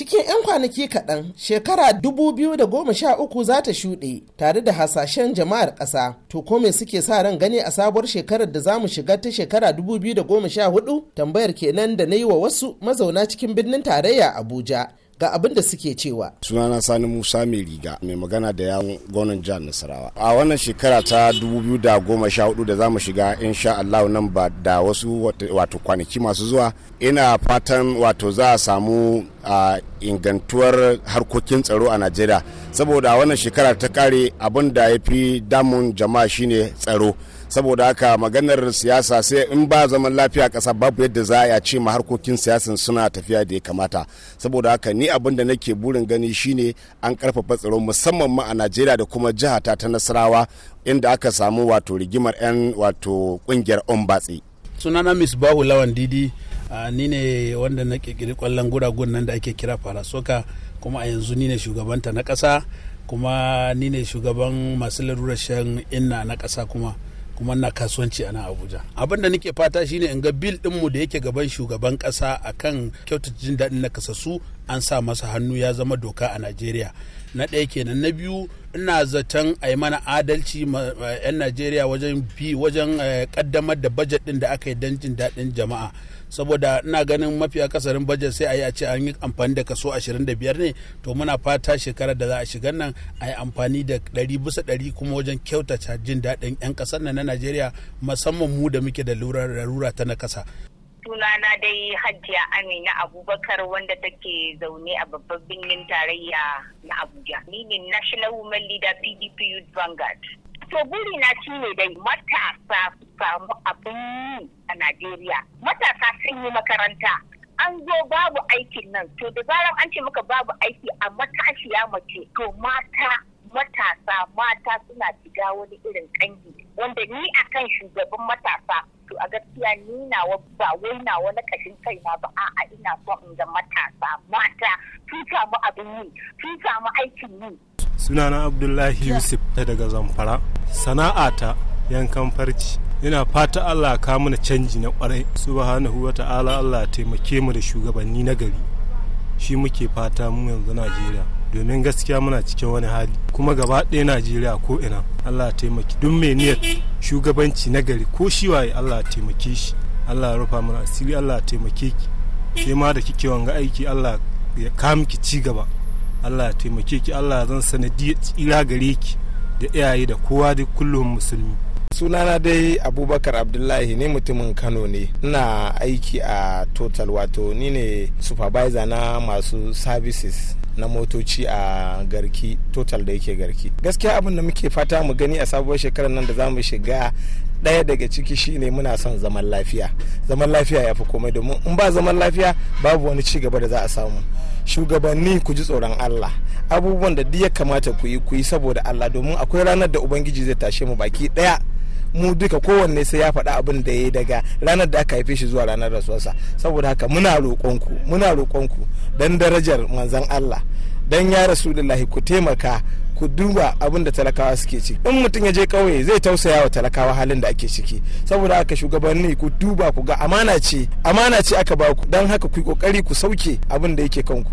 cikin 'yan kwanaki kaɗan shekara 2013 za ta shuɗe tare da hasashen jama'ar ƙasa to ko me suke sa ran gani a sabuwar shekarar da za mu shiga ta shekara 2014 tambayar kenan da na yi wa wasu mazauna cikin birnin tarayya abuja ga abin da suke cewa sunana sani musa mai riga mai magana da yawon gwamnan jihar nasarawa a wannan shekara ta 2014 da za mu shiga in sha allahu nan ba da wasu wato kwanaki masu zuwa ina fatan wato za a samu a ingantuwar harkokin tsaro a najeriya saboda wannan shekara ta kare abin da ya fi damun jama'a shine tsaro saboda haka maganar siyasa sai in ba zaman lafiya ƙasa babu yadda za a ce ma harkokin siyasan suna tafiya da ya kamata saboda haka ni abin da nake burin gani shine an karfafa tsaro musamman ma a najeriya da kuma jihata ta ta nasarawa inda aka samu wato rigimar 'yan wato kungiyar ombatsi sunana miss bahu lawan didi ni ne wanda na kirkiri kwallon guragun nan da ake kira farasoka kuma a yanzu ni ne shugabanta na kasa kuma ni ne shugaban masu larurashen inna na kasa kuma kuma na kasuwanci a abuja abin da nake fata shine in ga bil dinmu da yake gaban shugaban kasa akan kyautata jin daɗin kasasu an sa masa hannu ya zama doka a najeriya na ɗaya kenan na biyu ina zaton a yi mana adalci 'yan najeriya wajen bi wajen eh, kaddamar da bajet din da aka yi don jin daɗin jama'a saboda ina ganin mafi akasarin bajet sai a yi a ce an yi amfani da kaso 25 ne to muna fata shekarar da za a shiga nan a yi amfani da ɗari bisa ɗari kuma wajen kyautata jin daɗin 'yan ƙasar na najeriya musamman mu da muke da lura ta na kasa sunana dai hajiya amina abubakar wanda take zaune a babban birnin tarayya na abuja ni ne national women leader pdp youth vanguard to buri na shi ne dai matasa su samu abin a najeriya matasa sun yi makaranta an zo babu aikin nan to da zarar an ce maka babu aiki a matashiya mace to mata matasa mata suna shiga wani irin kangi wanda ni akan shugaban matasa a gaskiya ni nawa ba wai nawa na kashin kai na ba a'a ina so in ga matasa mata sun samu abin yi sun samu aikin yi sunana abdullahi yusuf daga zamfara sana'a ta yankan farci ina fata allah ka mana canji na kwarai subhanahu wa ta'ala allah taimake mu da shugabanni na gari shi muke fata mu yanzu najeriya domin gaskiya muna cikin wani hali kuma gaba ɗaya najeriya ko ina allah taimaki duk mai niyyar shugabanci na gari ko shi waye Allah taimake shi Allah ya rufa mana asiri Allah taimake ki ke ma da kike wanga aiki Allah ya kama ki ci gaba Allah ya taimake ki Allah zan sanadiyar tsira gare ki da iyaye da kowa duk kullum musulmi sunana dai abubakar abdullahi ne mutumin kano ne ina aiki a total wato ni ne supervisor na masu services na motoci a garki total da yake garki gaskiya abin da muke fata mu gani a sabuwar shekarar nan da za mu shiga ɗaya daga ciki shine muna son zaman lafiya zaman lafiya ya fi komai domin in ba zaman lafiya babu wani ci gaba da za a samu shugabanni ku ji tsoron allah abubuwan da duk ya kamata ku yi ku yi saboda allah domin akwai ranar da ubangiji zai tashe mu baki ɗaya mu duka kowanne sai ya faɗa abin da ya yi daga ranar da aka haife shi zuwa ranar rasuwarsa saboda haka muna roƙonku muna roƙonku dan darajar manzon Allah dan ya rasulullahi ku taimaka ku duba abin da talakawa suke ciki in mutum ya je kauye zai tausaya wa talakawa halin da ake ciki saboda haka shugabanni ku duba ku ga amana ce amana ce aka ba ku dan haka ku kokari ku sauke abin da yake kanku